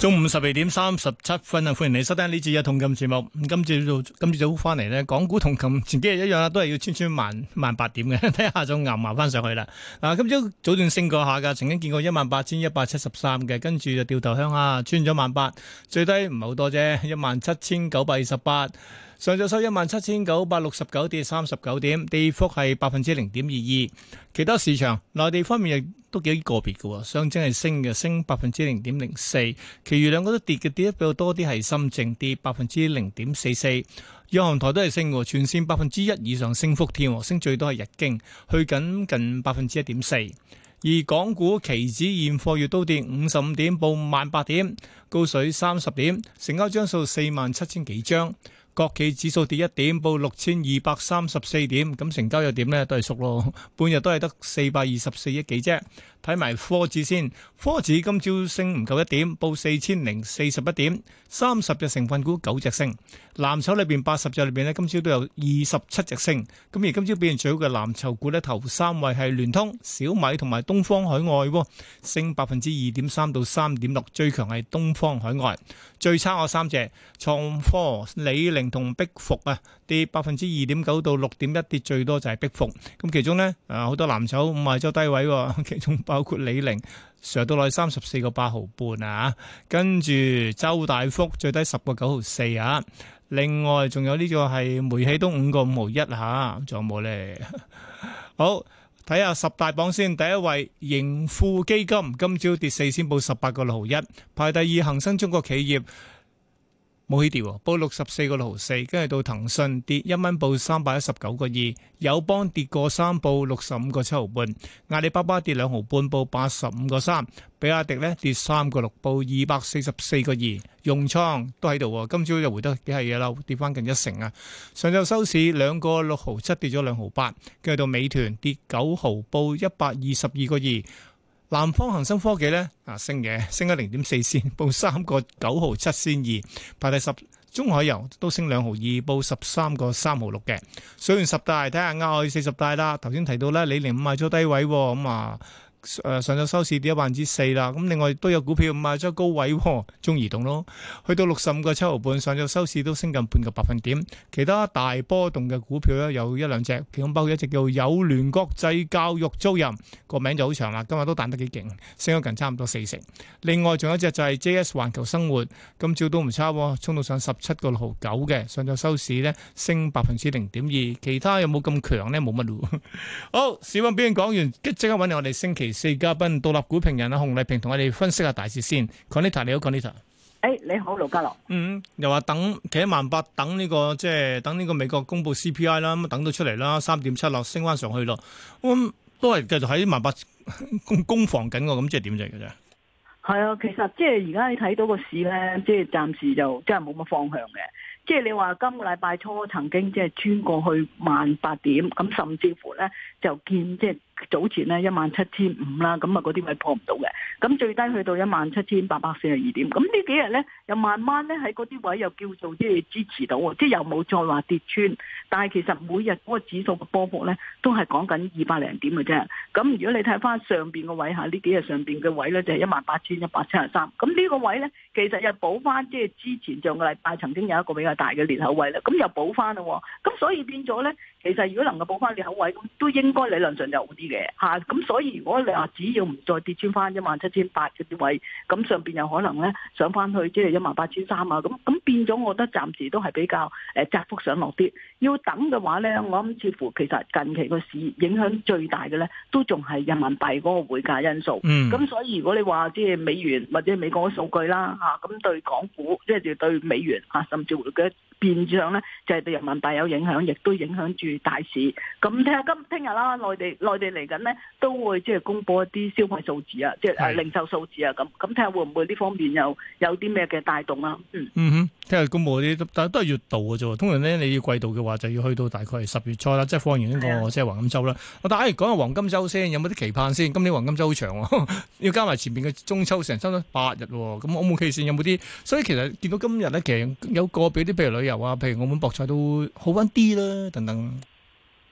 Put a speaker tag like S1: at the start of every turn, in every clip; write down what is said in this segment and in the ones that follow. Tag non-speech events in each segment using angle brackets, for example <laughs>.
S1: 中午十二點三十七分啊，歡迎你收聽呢節嘅同感節目。咁今朝早，今朝早翻嚟呢，港股同琴前幾日一樣啦,都係要穿穿萬萬八點嘅，睇下仲冚埋翻上去啦。啊，今朝早段升過下噶，曾經見過一萬八千一百七十三嘅，跟住就掉頭向下穿咗萬八，最低唔係好多啫，一萬七千九百二十八。上晝收一萬七千九百六十九，跌三十九點，跌幅係百分之零點二二。其他市場內地方面亦都幾個別嘅，上證係升嘅，升百分之零點零四。其餘兩個都跌嘅，跌得比較多啲，係深證跌百分之零點四四。央行台都係升喎，全線百分之一以上升幅天添，升最多係日經去緊近百分之一點四。而港股期指現貨月跌五十五點，報萬八點，高水三十點，成交張數四萬七千幾張。國企指數跌一點，報六千二百三十四點，咁成交又點呢？都係縮咯，半日都係得四百二十四億幾啫。睇埋科指先，科指今朝升唔夠一點，報四千零四十一點，三十隻成分股九隻升，藍籌裏邊八十隻裏邊咧，今朝都有二十七隻升。咁而今朝表現最好嘅藍籌股咧，頭三位係聯通、小米同埋東方海外，升百分之二點三到三點六，最強係東方海外，最差嗰三隻創科、李寧同碧福啊，跌百分之二點九到六點一，跌最多就係碧福。咁其中咧，啊好多藍籌創五十二周低位，其中。包括李寧，上到嚟三十四個八毫半啊，跟住周大福最低十個九毫四啊，另外仲有，有，有呢個係煤氣東五個五毫一下，仲有冇咧？好，睇下十大榜先，第一位盈富基金今朝跌四仙，報十八個六毫一，排第二恒生中國企業。冇起跌喎，報六十四個六毫四，跟住到騰訊跌一蚊，報三百一十九個二。友邦跌過三，報六十五個七毫半。阿里巴巴跌兩毫半，6, 報八十五個三。比亞迪呢跌三個六，報二百四十四個二。融創都喺度喎，今朝又回得幾係嘢，跌翻近一成啊！上晝收市兩個六毫七，跌咗兩毫八，跟住到美團跌九毫，報一百二十二個二。南方恒生科技咧，啊升嘅，升咗零點四仙，報三個九毫七仙二，排第十。中海油都升兩毫二，報十三個三毫六嘅。上完十大，睇下啱我四十大啦。頭先提到咧，李寧賣咗低位，咁、嗯、啊。誒，上晝收市跌咗百分之四啦。咁另外都有股票賣咗高位，中移動咯，去到六十五個七毫半，上晝收市都升近半個百分點。其他大波動嘅股票咧，有一兩隻，其中包括一隻叫友聯國際教育租賃，個名就好長啦，今日都彈得幾勁，升咗近，近差唔多四成。另外仲有一隻就係 J S 環球生活，今朝都唔差，衝到上十七個六毫九嘅，上晝收市咧升百分之零點二。其他有冇咁強呢？冇乜咯。 <laughs> 好，市況表現講完，即刻搵我哋星期四嘉賓獨立股評人啊，洪麗萍同我哋分析下大市先。Conneta，你好，Conneta。
S2: 誒你好，盧家樂。嗯，
S1: 又話等企喺萬八，等呢個即係等呢個美國公布 CPI 啦，咁等到出嚟啦，三點七六升翻上去咯。咁、嗯、都係繼續喺萬八攻防緊個，咁即係點啫？ <laughs> 其實
S2: 係啊，其實即係而家你睇到個市咧，即係暫時就真係冇乜方向嘅。即係你話今個禮拜初曾經即係穿過去萬八點，咁甚至乎咧。就見即係、就是、早前咧一萬七千五啦，咁啊嗰啲咪破唔到嘅。咁最低去到一萬七千八百四十二點。咁呢幾日咧又慢慢咧喺嗰啲位又叫做即係支持到喎，即係又冇再話跌穿。但係其實每日嗰個指數嘅波幅咧都係講緊二百零點嘅啫。咁如果你睇翻上邊嘅位下，幾位呢幾日上邊嘅位咧就係一萬八千一百七十三。咁呢個位咧其實又補翻即係之前上個禮拜曾經有一個比較大嘅裂口位咧，咁又補翻啦。咁所以變咗咧。其實如果能夠補翻你口位，都應該理論上就好啲嘅嚇。咁、啊、所以如果你話只要唔再跌穿翻一萬七千八嘅啲位，咁上邊又可能咧上翻去即係一萬八千三啊。咁咁變咗，我覺得暫時都係比較誒、呃、窄幅上落啲。要等嘅話咧，我諗似乎其實近期個市影響最大嘅咧，都仲係人民幣嗰個匯價因素。嗯。咁所以如果你話即係美元或者美國嘅數據啦嚇，咁、啊、對港股即係對美元嚇、啊，甚至乎嘅。變相咧，就係對人民幣有影響，亦都影響住大市。咁睇下今聽日啦，內地內地嚟緊咧，都會即係公布一啲消費數字啊，即係零售數字啊。咁咁睇下會唔會呢方面又有啲咩嘅帶動啊？嗯。嗯哼。
S1: 聽日公佈啲，但係都係月度嘅啫。通常咧，你要季度嘅話，就要去到大概係十月初啦，即係放完呢、這個即係黃金周啦。我但係講、哎、下黃金周先，有冇啲期盼先？今年黃金周好長喎、哦， <laughs> 要加埋前面嘅中秋成收咗八日喎、哦。咁澳門期線有冇啲？所以其實見到今日咧，其實有個俾啲，譬如，如旅遊啊，譬如澳門博彩都好翻啲啦，等等。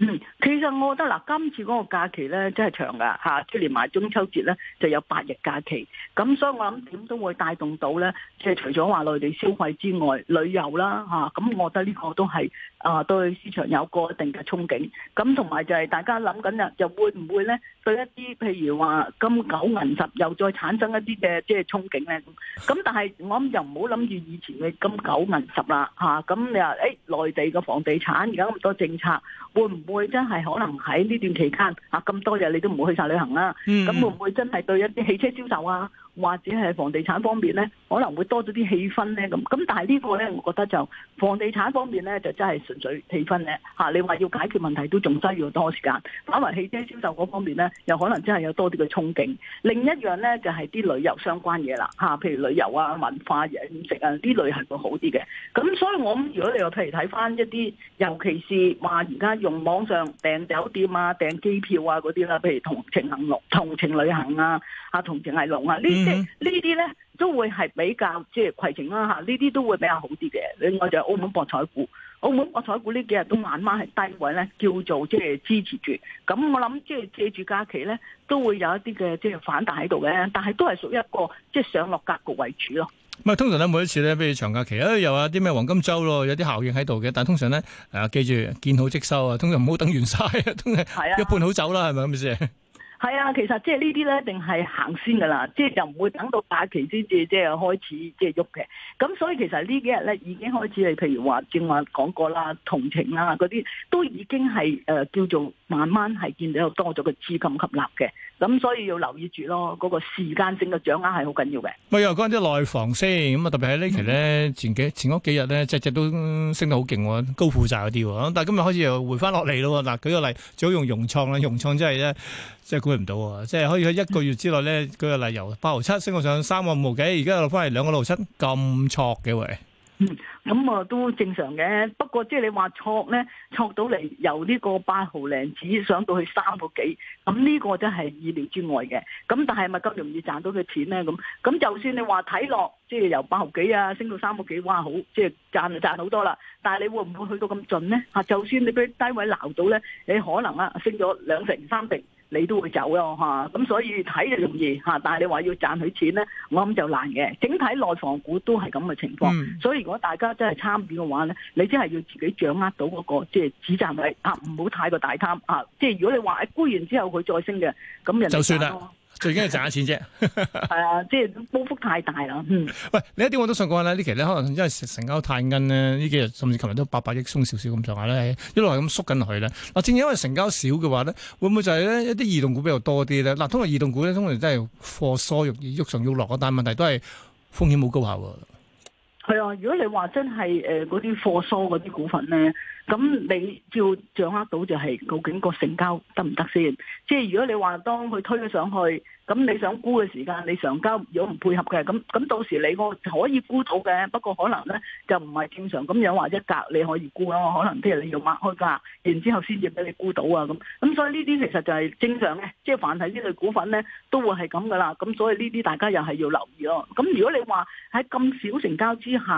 S2: 嗯，其實我覺得嗱，今次嗰個假期咧，真係長㗎嚇、啊，連埋中秋節咧就有八日假期，咁所以我諗點都會帶動到咧，即、就、係、是、除咗話內地消費之外，旅遊啦嚇，咁、啊、我覺得呢個都係啊對市場有個一定嘅憧憬，咁同埋就係大家諗緊啦，又會唔會咧對一啲譬如話金九銀十又再產生一啲嘅即係憧憬咧？咁但係我諗又唔好諗住以前嘅金九銀十啦嚇，咁、啊、你話誒內地嘅房地產而家咁多政策會唔？會真係可能喺呢段期間啊咁多日你都唔會去晒旅行啦，啊，咁會唔會真係對一啲汽車銷售啊？或者係房地產方面咧，可能會多咗啲氣氛咧咁。咁但係呢個咧，我覺得就房地產方面咧，就真係純粹氣氛咧嚇、啊。你話要解決問題都仲需要多時間。反為汽車銷售嗰方面咧，又可能真係有多啲嘅憧憬。另一樣咧就係、是、啲旅遊相關嘢啦嚇，譬如旅遊啊、文化飲食啊，啲旅行會好啲嘅。咁所以我諗如果你又譬如睇翻一啲，尤其是話而家用網上訂酒店啊、訂機票啊嗰啲啦，譬如同程行龍、同程旅行啊、嚇同程藝龍啊呢。呢啲咧，嗯、都會係比較即係攜程啦嚇，呢啲都會比較好啲嘅。另外就係澳門博彩股，澳門博彩股呢幾日都慢慢係低位咧，叫做即係支持住。咁我諗即係借住假期咧，都會有一啲嘅即係反彈喺度嘅，但係都係屬於一個即係上落格局為主咯。
S1: 咪通常咧每一次咧，譬如長假期，誒又有啲咩黃金周咯，有啲效應喺度嘅。但係通常咧，誒、啊、記住見好即收啊，通常唔好等完晒啊，通常一半好走啦，係咪咁意思？是嗎 <laughs>
S2: 係啊，其實即係呢啲咧，一定係行先噶啦，即係就唔會等到假期先至即係開始即係喐嘅。咁所以其實呢幾日咧已經開始，譬如話正話講過啦，同情啦嗰啲都已經係誒、呃、叫做慢慢係見到多咗個資金吸納嘅。咁所以要留意住咯，嗰、嗰個時間性嘅掌握係好緊要嘅。
S1: 咪又講啲內房先咁啊，特別喺呢期咧，前幾前嗰幾日咧只只都升得好勁喎，高負債嗰啲喎。但係今日開始又回翻落嚟咯。嗱，舉個例，最好用融創啦，融創即係咧即係。即係開唔到啊！即係可以喺一個月之內咧，舉個例，由八毫七升到上三個五毫幾，而家落翻嚟兩個六七咁挫嘅喂。
S2: 嗯、咁、嗯、啊，都正常嘅。不過即係你話挫咧，挫到嚟由呢個八毫零隻上到去三個幾，咁、這、呢個真係意料之外嘅。咁但係咪咁容易賺到嘅錢咧？咁咁就算你話睇落，即係由八毫幾啊升到三個幾，哇好！即係賺就賺好多啦。但係你會唔會去到咁盡咧？吓，就算你俾低位撈到咧，你可能啊升咗兩成三成。你都會走咯、啊、嚇，咁、啊、所以睇就容易嚇、啊，但係你話要賺佢錢咧，我諗就難嘅。整體內房股都係咁嘅情況，嗯、所以如果大家真係參與嘅話咧，你真係要自己掌握到嗰、那個即係、就是、止賺位啊，唔好太過大貪啊。即、就、係、是、如果你話、欸、沽完之後佢再升嘅，咁人就算啦。
S1: 最緊要賺下錢啫， <laughs> 係啊，即
S2: 係波幅太大啦。
S1: 嗯，喂，另一點我都想講咧，呢期咧可能因為成交太殷咧，呢幾日甚至琴日都八百億鬆少少咁上下咧，一路係咁縮緊落去咧。嗱，正因為成交少嘅話咧，會唔會就係咧一啲異動股比較多啲咧？嗱，通常異動股咧通常真係貨疏肉郁上郁落，但係問題都係風險好高㗎喎。 <music>
S2: 如果你話真係誒嗰啲貨疏嗰啲股份咧，咁你要掌握到就係究竟個成交得唔得先？即係如果你話當佢推咗上去，咁你想沽嘅時間你上交如果唔配合嘅，咁咁到時你我可以沽到嘅，不過可能咧就唔係正常咁樣話一格你可以沽咯，可能譬如你要擘開價，然之後先至俾你沽到啊咁。咁所以呢啲其實就係正常嘅，即係凡係呢類股份咧都會係咁噶啦。咁所以呢啲大家又係要留意咯。咁如果你話喺咁少成交之下，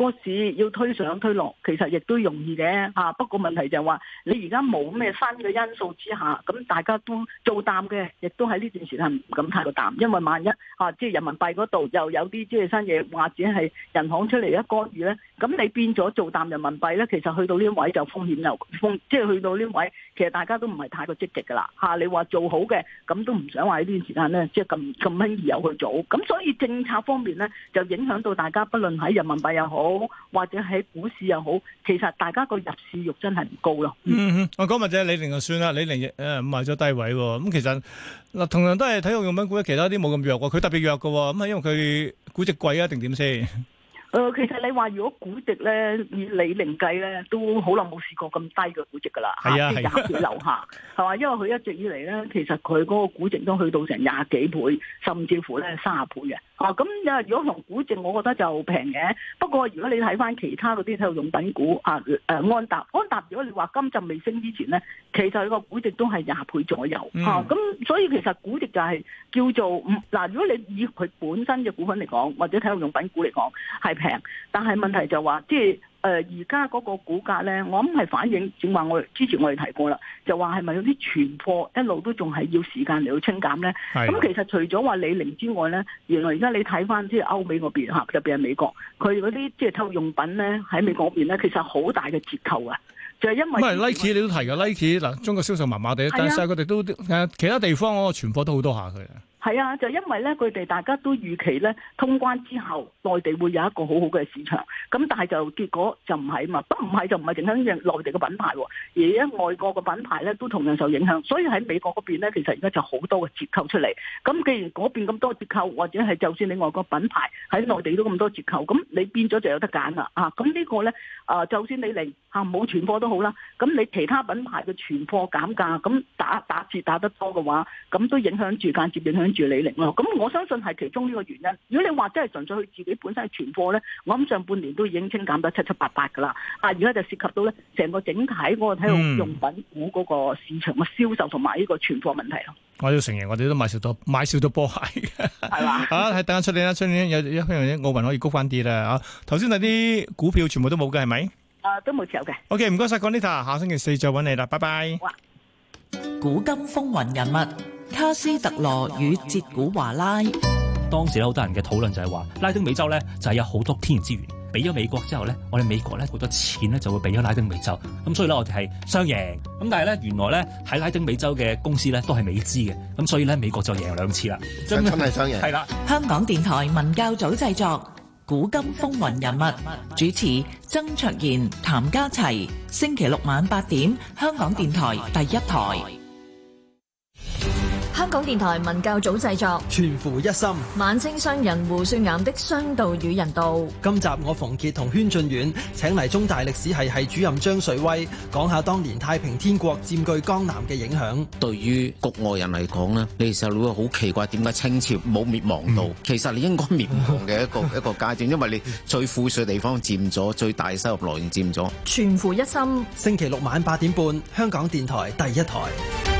S2: 個市要推上推落，其實亦都容易嘅嚇、啊。不過問題就係話你而家冇咩新嘅因素之下，咁大家都做淡嘅，亦都喺呢段時間唔敢太過淡，因為萬一嚇即係人民幣嗰度又有啲即係新嘢或者係人行出嚟一干預咧，咁你變咗做淡人民幣咧，其實去到呢位就風險又風，即係去到呢位，其實大家都唔係太過積極噶啦嚇。你話做好嘅，咁都唔想話喺呢段時間咧，即係咁咁輕易又去做。咁所以政策方面咧，就影響到大家，不論喺人民幣又好。好或者喺股市
S1: 又好，其實大家個入市欲真係唔高咯，嗯哼。嗯嗯，我講埋啫，李寧就算啦，李寧誒賣咗低位，咁其實嗱，啊，同樣都係體育用品股，其他啲冇咁弱喎，佢特別弱㗎，咁係因為佢估值貴啊定點先？
S2: 誒、呃，其實你話如果估值咧以李寧計咧，都好耐冇試過咁低嘅估值噶啦，係啊，廿幾樓下，係嘛？ <laughs> 因為佢一直以嚟咧，其實佢嗰個估值都去到成廿幾倍，甚至乎咧三十倍嘅。啊，咁、嗯嗯、啊，如果從估值，我覺得就平嘅。不過如果你睇翻其他嗰啲體育用品股，啊誒，安踏。安踏如果你話今集未升之前咧，其實佢個估值都係廿倍左右。咁所以其實估值就係叫做嗱、啊，如果你以佢本身嘅股份嚟講，或者體育用品股嚟講，係。平，但係問題就話即係誒，而家嗰個股價咧，我諗係反映正話我之前我哋提過啦，就話係咪有啲存貨一路都仲係要時間嚟到清減咧？咁的、嗯、其實除咗話李寧之外咧，原來而家你睇翻即係歐美嗰邊吓，特別係美國，佢嗰啲即係體育用品咧喺美國邊咧，其實好大嘅折扣啊，就係、是、因為
S1: Nike 的你都提過 Nike 嗱，的中國銷售麻麻地，但係佢哋都的其他地方我存貨都好多下佢。
S2: 係啊，就因為咧，佢哋大家都預期咧，通關之後內地會有一個好好嘅市場。咁但係就結果就唔係啊嘛，都唔係就唔係影響內地嘅品牌喎，啊，而家外國嘅品牌咧都同樣受影響。所以喺美國嗰邊咧，其實而家就好多嘅折扣出嚟。咁既然嗰邊咁多折扣，或者係就算你外國品牌喺內地都咁多折扣，咁你變咗就有得揀啦啊！咁呢個咧啊，就算你嚟啊冇存貨都好啦，咁你其他品牌嘅存貨減價，咁打打折打得多嘅話，咁都影響住間接影響。住李寧咯，咁我相信係其中呢個原因。如果你話真係純粹佢自己本身係存貨咧，我諗上半年都已經清減得七七八八噶啦。啊，而家就涉及到咧，成個整體嗰個體育用品股嗰個市場嘅銷售同埋呢個存貨問題咯、嗯。
S1: 我要承認，我哋都買少多買少咗波鞋係嘛？好吧、 <laughs> 啊，等下出嚟啦，出嚟有有聽下啲奧運可以高翻啲啦。啊，頭先嗰啲股票全部都冇嘅係咪？
S2: 啊，都冇持有嘅。
S1: OK，唔該晒，講呢下，下星期四再揾你啦，拜拜。古今風雲人物。 <music> 卡斯特羅與捷古華拉，當時咧好多人嘅討論就係話拉丁美洲咧就係有好多天然資源，俾咗美國之後咧，我哋美國咧好多錢咧就會俾咗拉丁美洲，咁所以咧我哋係雙贏，咁但係咧原來咧喺拉丁美洲嘅公司咧都係美資嘅，咁所以咧美國就贏兩次啦，真係雙贏，係啦了。香港電台文教組製作《古
S2: 今風雲人物》，主持曾卓然、譚家齊，星期六晚八
S1: 點，香港電台第一台。
S2: 香港電台文教組製作，全乎一心。晚清商人胡雪岩的商道與人道。今集我馮杰同軒俊遠，請嚟中大歷史系系主任張瑞威，講下
S1: 當年太平天國佔據江南嘅影響。對於局外人嚟講呢，其實你會好奇怪，點解清朝冇滅亡到？嗯、其實你應該滅亡嘅一個一個階段，嗯、 <laughs> 因為你最富庶地方占咗，最大收入來源占咗。
S2: 全乎一心。星期六晚八點半，香港電台第一台。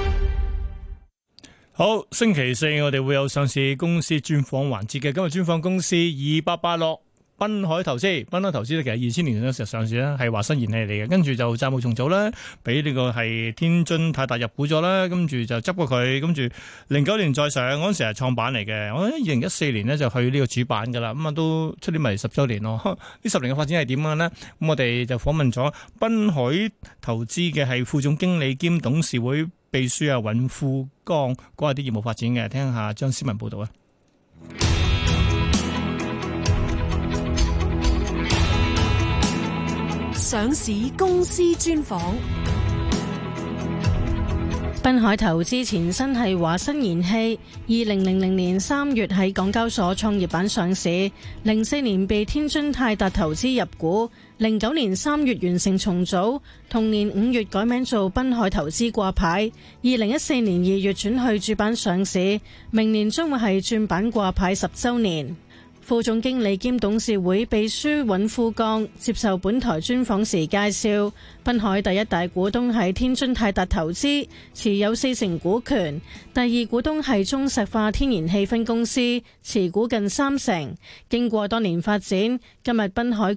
S1: 好，星期四我哋會有上市公司專訪環節嘅。今日專訪公司二八八六濱海投資，濱海投資咧其實二千年嗰時候上市啦，係華新燃氣嚟嘅，跟住就債務重組啦，俾呢個係天津泰達入股咗啦，跟住就執過佢，跟住零九年再上，嗰時係創板嚟嘅。我諗二零一四年呢就去呢個主板噶啦，咁啊都出年咪十周年咯。呢十年嘅發展係點樣呢？咁我哋就訪問咗濱海投資嘅係副總經理兼董事會。秘書啊，尹富江講下啲業務發展嘅，聽下張思文報道啊！
S2: 上市公司專訪。濱海投資前身係華新燃氣，二零零零年三月喺港交所創業板上市，零四年被天津泰達投資入股，零九年三月完成重組，同年五月改名做濱海投資掛牌，二零一四年二月轉去主板上市，明年將會係轉板掛牌十周年。副總經理兼董事會秘書尹富剛接受本台專訪時介紹，濱海第一大股東係天津泰達投資，持有四成股權；第二股東係中石化天然氣分公司，持股近三成。經過多年發展，今日濱海。